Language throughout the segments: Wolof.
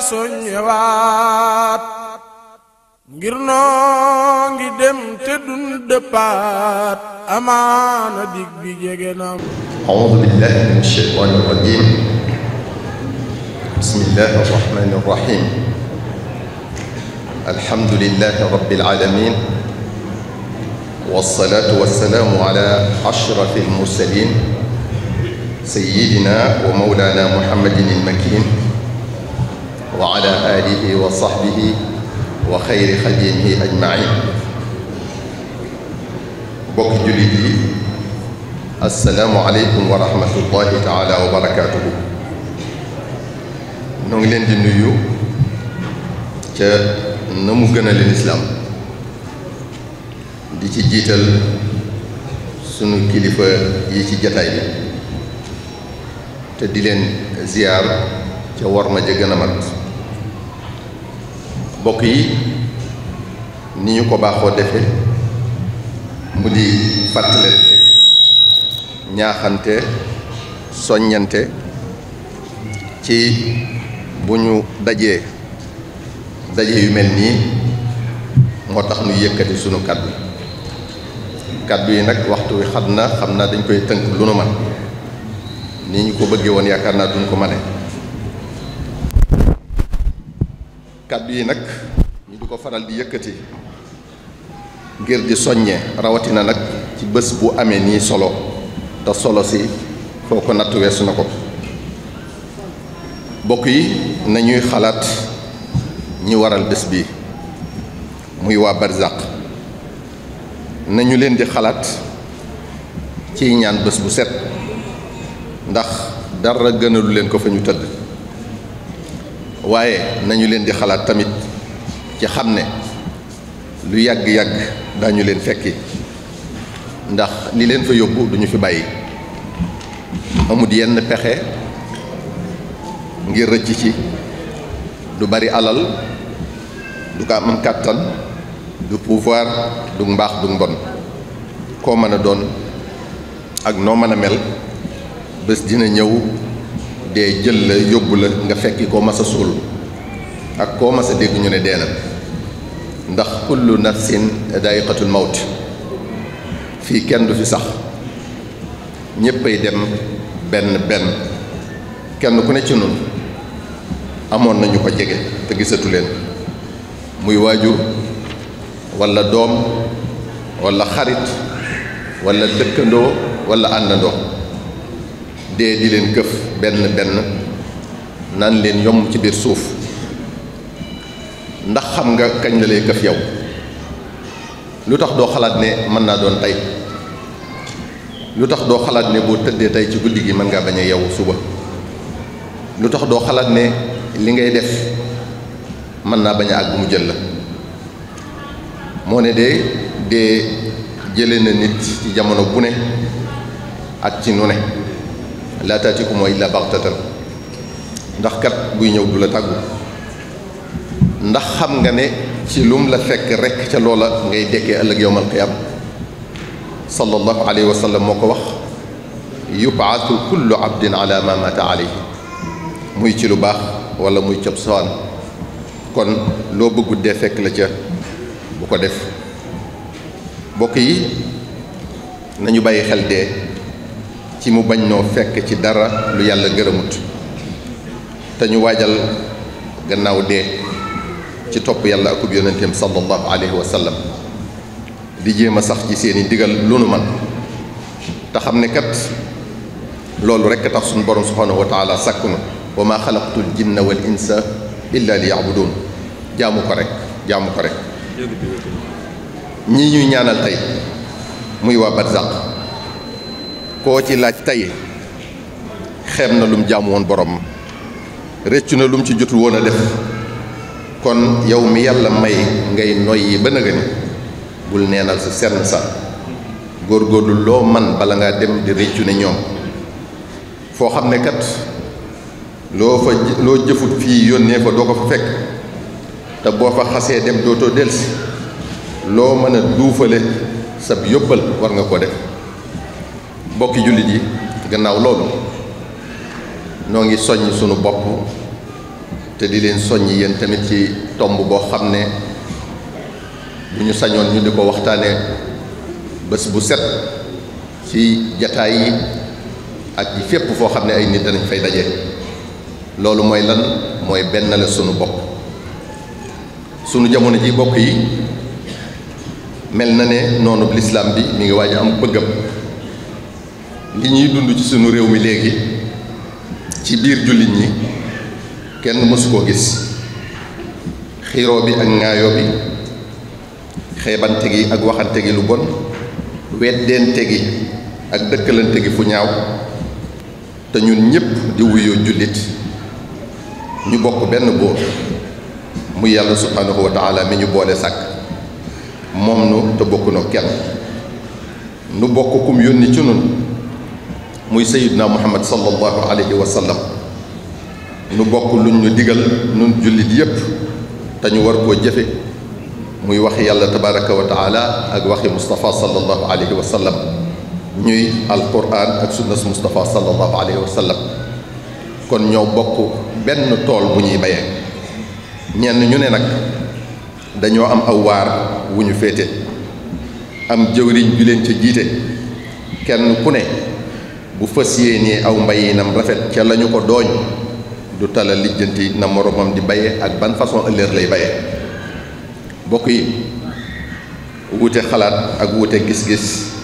suñ ñëwaat ngir noo ngi dem te dund dëppaat amaana dig bi jege na أعوذ بالله من الشيطان الرجيم بسم الله الرحمن الرحيم الحمد لله رب العالمين والصلاة والسلام على أشرف المرسلين سيدنا ومولانا محمد المكين wa ala alihi wa sahbihi wa xayri xaljihi ajmain bokk jullit yi assalaamu aleykum wa rahmatullahi taala wa barakaatuhu noo ngi leen di nuyu ca na mu gën a leen di ci jiital sunu kilifa yi ci jataay bi te di leen ziyaar ca war ja gën a mat mbokk yi ni ñu ko baaxoo defe mu di fàttalante ñaaxante soññante ci bu ñu dajee daje yu mel nii moo tax ñu yëkkati sunu kàddu kàddu yi nag waxtu wi xat na xam naa dañ koy tënk lu nu man ni ñu ko bëggee woon yaakaar naa duñ ko mane kàddu yi nag ñu di ko faral di yëkkati ngir di soññee rawatina nag ci bés bu amee nii solo te solo si foo ko natt weesu na ko bokk yi nañuy xalaat ñi waral bés bi muy waa barzaq nañu leen di xalaat ciy ñaan bés bu set ndax dara gënalu leen ko fa ñu tëdd waaye nañu leen di xalaat tamit ci xam ne lu yàgg-yàgg dañu leen fekki ndax li leen fa yóbbu duñu fi bàyyi amut yenn pexe ngir rëcc ci du bari alal du ko am kàttan du pouvoir du mbaax du mbon koo mën a doon ak noo mën a mel bés dina ñëw dee jël la yóbbu la nga fekki koo mas a suul ak koo mas dégg ñu ne dee ndax kullu nafsin daayiqatul mawt fii kenn du fi sax ñéppay dem benn benn kenn ku ne ci nun amoon nañu ko jege te gisatu leen muy waajur walla doom walla xarit walla dëkkandoo walla àndandoo dee di leen këf benn benn naan leen yomb ci biir suuf ndax xam nga kañ la lay këf yow lu tax doo xalaat ne mën naa doon tey lu tax doo xalaat ne boo tëddee tey ci guddi gi mën ngaa bañ a yow suba lu tax doo xalaat ne li ngay def mën naa bañ a àgg mu jël la moo ne dee dee jële na nit ci jamono bu ne ak ci nu ne laa taatiku mooy illa baxtatan ndax kat buy ñëw du la tàggu ndax xam nga ne ci lum la fekk rekk ca loola ngay dekkee ëllëg yowmal qiyaam sallallahu alayhi wa moo ko wax yubaatu kullu abdin ala ma mata alayhi muy ci lu baax wala muy cab sawaan kon loo bëggut dee fekk la ca bu ko def bokk yi nañu bàyyi xel dee ci mu bañ noo fekk ci dara lu yàlla gërëmut te ñu waajal gannaaw dee ci topp yàlla akub yonenteem sallallahu alayhi wa sallam jéem a sax ci seeni digal lu nu man te xam ne kat loolu rekk tax suñu borom subhaanahu wa taala sàkku na wa maa xalaqtul jinna wal insa illa li yaabuduun jaamu ko rek jaamu ko rek ñii ñuy ñaanal tey muy waa barzaq boo ci laaj tey xeeb na lum jaamu woon borom rëccu na lum ci jotu woon a def kon yow mi yàlla may ngay noyyi ba nëgëni bul neenal sa sern sa góorgóorlu loo man bala ngaa dem di rëccu ne ñoom foo xam ne kat loo fa loo jëfut fii yónnee fa doo ko fa fekk te boo fa xasee dem dootoo delsi loo mën a duufale sab yóbbal war nga ko def mbokki jullit yi gannaaw loolu noo ngi soññ sunu bopp te di leen soññ yéen tamit ci tomb boo xam ne bu ñu sañoon ñu di ko waxtaanee bés bu set ci jataay yi ak yi fépp foo xam ne ay nit danañ fay daje loolu mooy lan mooy benn la sunu bopp sunu jamono ji bokk yi mel na ne noonu lislaam bi mi ngi waaj am bëggam li ñuy dund ci sunu réew mi léegi ci biir jullit ñi kenn mësu koo gis xiiroo bi ak ŋaayoo bi xeebante gi ak waxante gi lu bon weddeente gi ak dëkkalante gi fu ñaaw te ñun ñépp di wuyoo jullit ñu bokk benn buur mu yàlla subhanahu wa mi ñu boole sàkk moom nu te bokk no kenn nu bokk yónni ci nun muy sayidna muhammad sallallahu alayhi wa nu bokk luñ ñu digal nun jullit yépp te ñu war ko jëfe muy wax yàlla tabaraka wa taala ak waxi mustapha sallallahu alayhi wa sallam ñuy alquran ak sunnas mustapha sallallahu alayhi wa kon ñoo bokk benn tool bu ñuy bayee ñenn ñu ne nag dañoo am aw waar wu ñu féete am jëwriñ ju ca jiite kenn ku ne bu fas yéenee aw mbayinam rafet ca lañu ko dooñ du tala lijjanti na moromam di baye ak ban façon ëllëg lay baye bokk yi wuute xalaat ak wuute gis-gis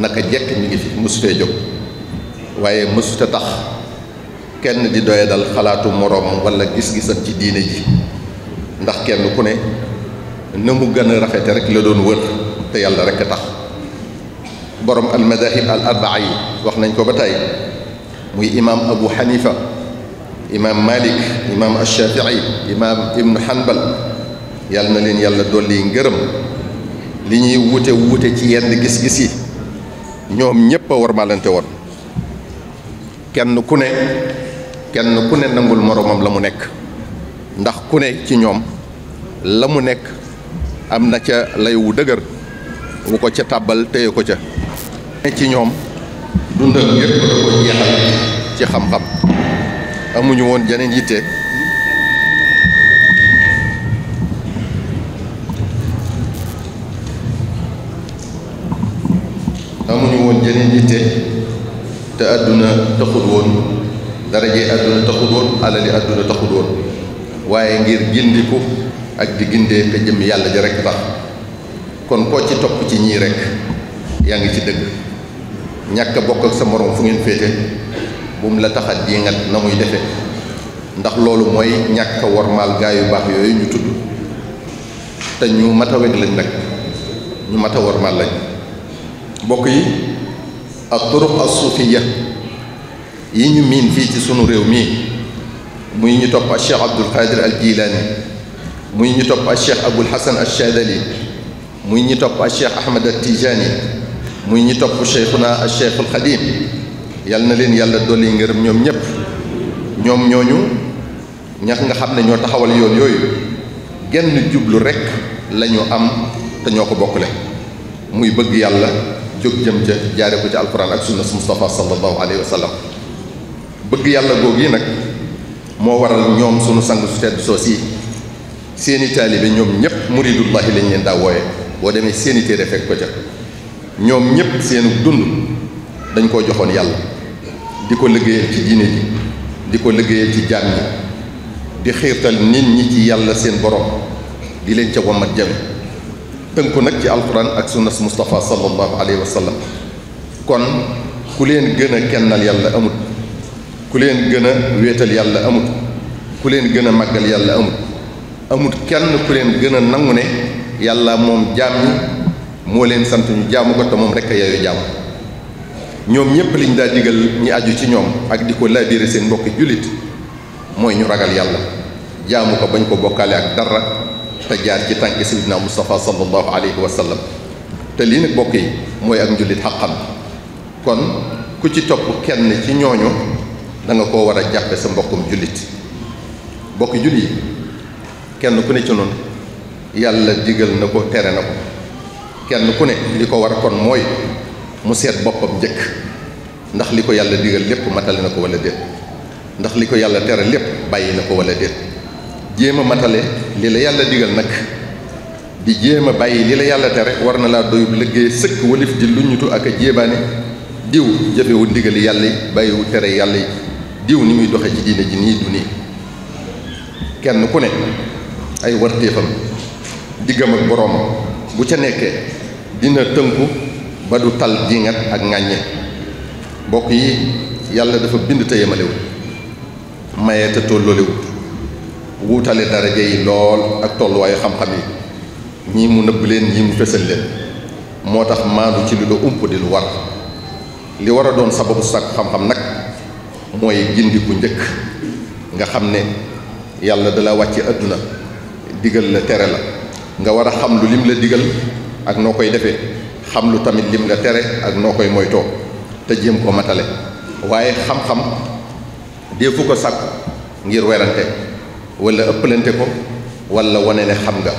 naka jekk mi ngi fi mësutee jóg waaye mësuta tax kenn di doye dal xalaatu moroomam wala gis gisat ci diine ji ndax kenn ku ne na mu gën a rafete rek la doon wër te yàlla rek a tax borom al madahib al arbaa yi wax nañ ko ba tey muy imaam abu xanifa imaam malik imaam ashafii imaam ibnu hanbal yàlla na leen yàlla doon dolli ngërëm li ñuy wute wute ci yenn gis-gis yi ñoom ñépp a warmalante woon kenn ku ne kenn ku ne nangul moroomam la mu nekk ndax ku ne ci ñoom la mu nekk am na ca lay wu dëgër wu ko ca tàbbal teye ko ca ci ñoom dundal yëpp da ko amuñu woon jeneen yitte amuñu woon jeneen te àdduna taxut woon darajee àdduna taxut woon alali àdduna taxut woon waaye ngir gindiku ak di gindee te jëm yàlla ji rekk tax kon koo ci topp ci ñii rekk yaa ngi ci dëgg ñàkk bokk ak sa morom fu ngeen féete bu mu la tax a jéngat na muy defe ndax loolu mooy ñàkk a wormaal gaa yu baax yooyu ñu tudd te ñu mat a weg lañ nag ñu mat a wormaal lañ bokk yi ak turuq as-sufiya yi ñu miin fii ci sunu réew mii muy ñu topp ak cheikh abdul qadir al jilaani muy ñu topp ak cheikh abul hasan al shadali muy ñu topp ak cheikh ahmad al tijaani muy ñi topp naa a cheikhul xadim yal na leen yàlla doole yi ngërëm ñoom ñëpp ñoom ñooñu ñax nga xam ne ñoo taxawal yoon yooyu genn jublu rekk lañu am te ñoo ko bokkule muy bëgg yàlla jóg jëm ca jaare ko ci alquran ak sunna su Mustafa sallallahu alayhi wa bëgg yàlla googu yi nag moo waral ñoom sunu sang su tedd soos yi seeni taalibe ñoom ñëpp muridullahi lañu leen daa wooye boo demee seeni téere fekk ko ca ñoom ñépp seenu dund dañ koo joxoon yàlla di ko liggéeyal ci diine ji di ko liggéeyal ci jaam ñi di xiirtal nit ñi ci yàlla seen borom di leen ca wammat jame tënku nag ci alquran ak sunnas Mustafa sallallahu alayhi wa sallam kon ku leen gën a kennal yàlla amut ku leen gën a wéetal yàlla amut ku leen gën a màggal yàlla amut amut kenn ku leen gën a nangu ne yàlla moom jaam ñi moo leen sant ñu jaamu ko te moom rek a yeyoo jaamu ñoom ñépp liñ daa digal ñi aju ci ñoom ak di ko laabire seen mbokki jullit mooy ñu ragal yàlla jaamu ko bañ ko bokkaale ak dara te jaar ci tànk sayyidina Mustafa sallallahu alayhi wa sallam te lii nag bokk yi mooy ak njullit xaqam kon ku ci topp kenn ci ñooñu danga ko war a jàppe sa mbokkum jullit mbokki jullit yi kenn ku ne ci noonu yàlla digal na ko tere na ko kenn ku ne li ko war kon mooy mu seet boppam njëkk ndax li ko yàlla digal lépp matale na ko wala déet ndax li ko yàlla tere lépp bàyyi na ko wala déet jéem a matale li la yàlla digal nag di jéem a bàyyi li la yàlla tere war na laa doyub liggéey sëkk walif di luñutu ak a jéebaane diw jëfewu ndigali yàlla yi bàyyiwu tere yàlla yi diw ni muy doxe ci diine ji nii du nii kenn ku ne ay wartéefam diggam ak boroomam bu ca nekkee dina tënku ba du tal diŋat ak ŋàññe mbokk yi yàlla dafa bind te yemalewut maye te tollolewut wuutale daraja yi lool ak tolluwaayu xam-xam yi ñii mu nëbb leen ñii mu fesal leen moo tax maandu ci lu la ump di lu war li war a doon sababu sàkk xam-xam nag mooy gindi ku njëkk nga xam ne yàlla dala wàcce àdduna digal la tere la nga war a xam lu lim la digal ak noo koy defee xam lu tamit lim la tere ak noo koy moytoo te jéem ko matale waaye xam-xam dee fu ko sàkku ngir werante wala ëppalante ko wala wane ne xam nga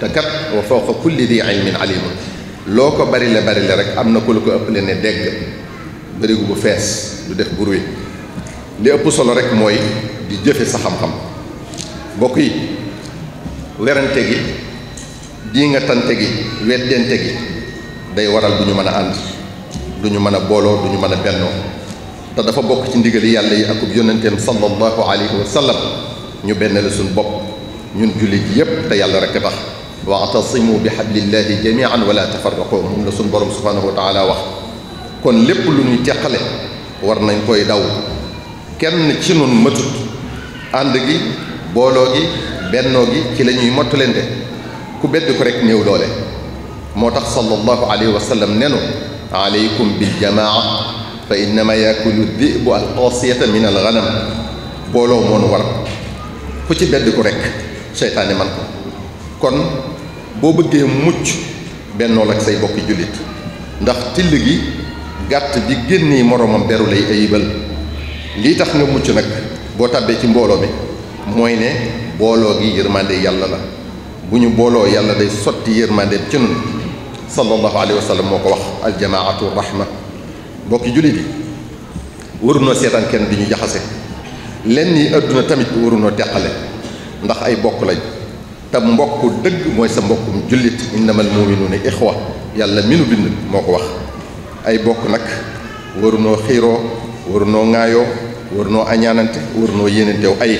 te kat wa fawqa kulli di ilmin alimun loo ko bari la bari la rek am na ku la ko ëppale ne dégg bërigu bu fees du def buruwi li ëpp solo rek mooy di jëfe sa xam-xam mbokk yi werante gi di nga tante gi weddente gi day waral du ñu mën a ànd du mën a booloo du ñu mën a bennoo te dafa bokk ci ndigali yàlla yi akub yónnenteem sallallahu alayhi wa sallam ñu bennale suñu bopp ñun jullit yépp te yàlla rek tax waatasimu bi hablillahi jamian wala tafarraqu moom la suñ borom subhanahu wa taala wax kon lépp lu ñuy teqale war nañ koy daw kenn ci nun matut ànd gi booloo gi bennoo gi ci la ñuy mottaleente ku bedd ko rek néew doole moo tax sallallahu alayhi wa sallam nenu aleykum biljamaa fa innama yakulu dibu alqasiyata min alganam booloo moonu war ku ci bedd ko rek seytaane man ko kon boo bëggee mucc bennool ak say bokki jullit ndax till gi gàtt di génnee moroomam beru lay ayibal lii tax nga mucc nag boo tàbbee ci mbooloo mi mooy ne booloo gi yërmande yàlla la bu ñu booloo yàlla day sotti yërmandeem ci nun sallallahu alayhi moo ko wax aljamaatu rahma mbokki jullit yi waruñoo seetaan kenn di ñu jaxase lenn yi adduna tamit waruñoo teqale ndax ay bokk lañ te mbokk dëgg mooy sa mbokkum jullit innamal muminuuna ixwa yàlla minu bind moo ko wax ay bokk nag warunoo xiiroo warunoo ŋaayoo warunoo añaanante warunoo yéenantew ay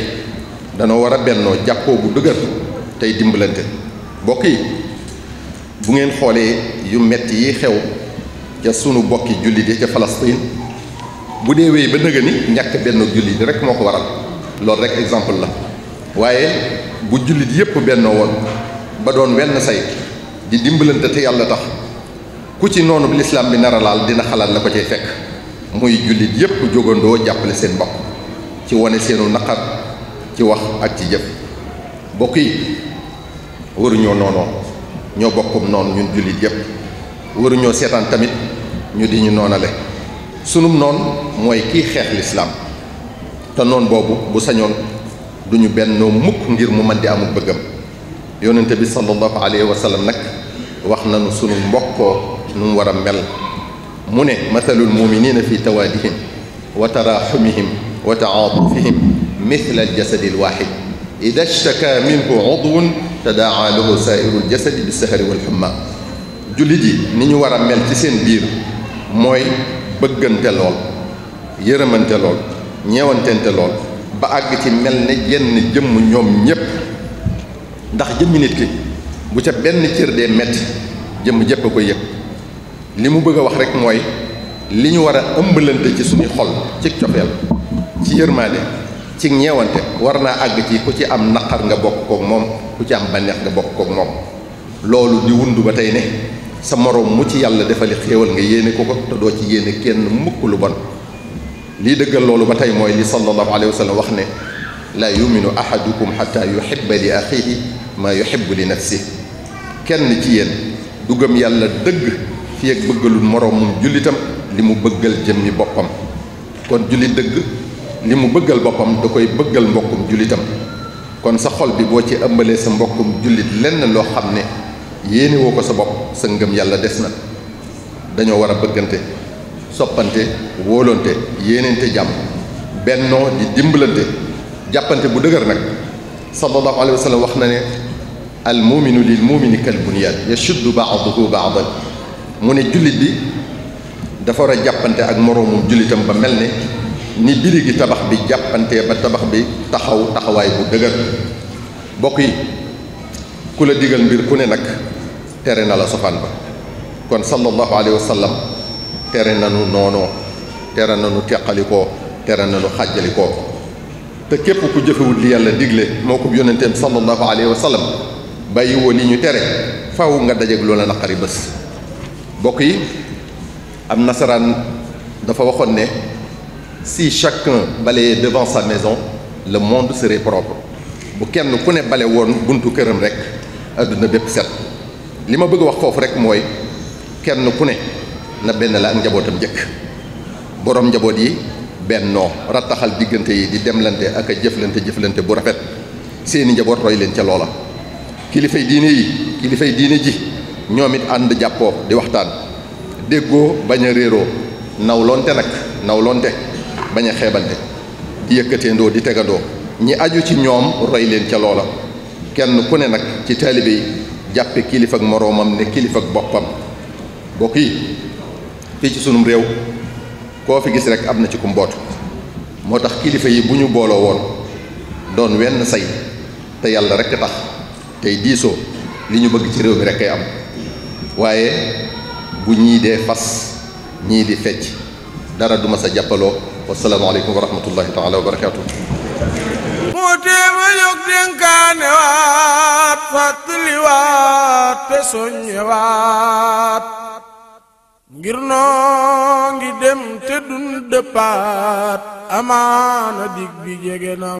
danoo war a bennoo jàppoo bu dëgër tey dimbalante mbokk yi bu ngeen xoolee yu metti yi xew ca sunu bokki jullit yi ca Palestine bu dee wéy ba nëga ñàkk benn jullit rek moo ko waral loolu rek exemple la waaye bu jullit yépp bennoo woon ba doon wenn say di dimbalante te yàlla tax ku ci noonu lislaam bi nar laal dina xalaat la ko cay fekk muy jullit yépp jógandoo jàppale seen mbokk ci wane seenu naqar ci wax ak ci jëf mbokk waruñoo noonoo ñoo bokkum noonu ñun jullit yépp waruñoo seetaan tamit ñu di ñu noonale sunum noon mooy kii xeex lislaam te noon boobu bu sañoon du ñu bennoo mukk ngir mu man di amul bëggam yonente bi sallallahu alayhi wa nag wax nañu sunu mbokkoo nu mu war mel mu ne mathalul muminina fi tawaadihim wa taraxumihim wa taatufihim mithla aljasadi alwaxid ida ishtaka minhu udwun tadaa lahu sairul jasadi bi sahari wal jullit yi ni ñu war a mel ci seen biir mooy bëggante lool yërëmante lool ñeewantente lool ba àgg ci mel ne yenn jëmm ñoom ñépp ndax jëmmi nit ki bu ca benn cër dee metti jëmm jëpp a ko yëg li mu bëgg a wax rek mooy li ñu war a ëmbalante ci suñuy xol ci cofeel ci yërmaande ci ñeewante war naa àgg ci ku ci am naqar nga bokk koog moom ku ci am bànneex nga bokk kook moom loolu di wund ba tey ne sa moroom mu ci yàlla defali xéewal nga yéene ko ko te doo ci yéene kenn mukk lu bon lii dëggal loolu ba tey mooy li sallallahu alayhi wa wax ne laa yuminu ahadukum xata yuhibba li axihi maa yuhibbu li nafsi kenn ci yéen dugam gëm yàlla dëgg fi ak bëggalul moroomum jullitam li mu bëggal yi boppam kon jullit dëgg li mu bëggal boppam da koy bëggal mbokkum jullitam kon sa xol bi boo ci ëmbalee sa mbokkum jullit lenn loo xam ne yéene woo ko sa bopp sa ngëm yàlla des na dañoo war a bëggante soppante wóolante yéeneente jàmm bennoo di dimbalante jàppante bu dëgër nag sallallahu alayhi wa sallam wax na ne al muminu lil mumini kal bunyaan yashuddu baaduhu ba mu ne jullit bi dafa war a jàppante ak moroomum jullitam ba mel ne ni biri gi tabax bi jàppantee ba tabax bi taxaw taxawaay bu dëgër bokk yi ku la digal mbir ku ne nag tere na la sofaan ba kon sallallahu alayhi wa sallam tere nanu noonoo tere nanu teqalikoo tere nanu xàjjalikoo te képp ku jëfewul li yàlla digle moo ko yónnenteem sallallahu alayhi wa sallam bàyyiwoo li ñu tere faw nga dajeeg loola naqari bés bokk yi am nasaraan dafa waxoon ne si chacun balayait devant sa maison le monde serait propre bu kenn ku ne bale woon buntu këram rek àdduna bépp set li ma bëgg a wax foofu rek mooy kenn ku ne na benn la ak njabootam njëkk borom njaboot yi bennoo rattaxal diggante yi di demlante ak a jëflante jëflante bu rafet seeni njaboot roy leen ca loola kilifay diine yi kilifay diine ji ñoom it ànd jàppoo di waxtaan déggoo bañ a réeroo nawlonte nag nawlonte bañ a xeebante yëkkateendoo di tegandoo ñi aju ci ñoom roy leen ca loola kenn ku ne nag ci taalibe yi jàppe kilifa ak moroomam ne kilifa ak boppam bokk yi fii ci sunum réew koo fi gis rek am na ci ku mboot moo tax kilifa yi bu ñu booloo woon doon wenn say te yàlla rek tax tey diisoo li ñu bëgg ci réew mi rek kay am waaye bu ñii dee fas ñii di fecc dara duma sa jàppaloo wasalaamaaleykum wa rahmatullahi taala wa barakaatu. moo tee ma yokk dénkaane waat fàttaliwaat te soññewaat ngir noo ngi dem te dun dëppaat amaana dig bi jege na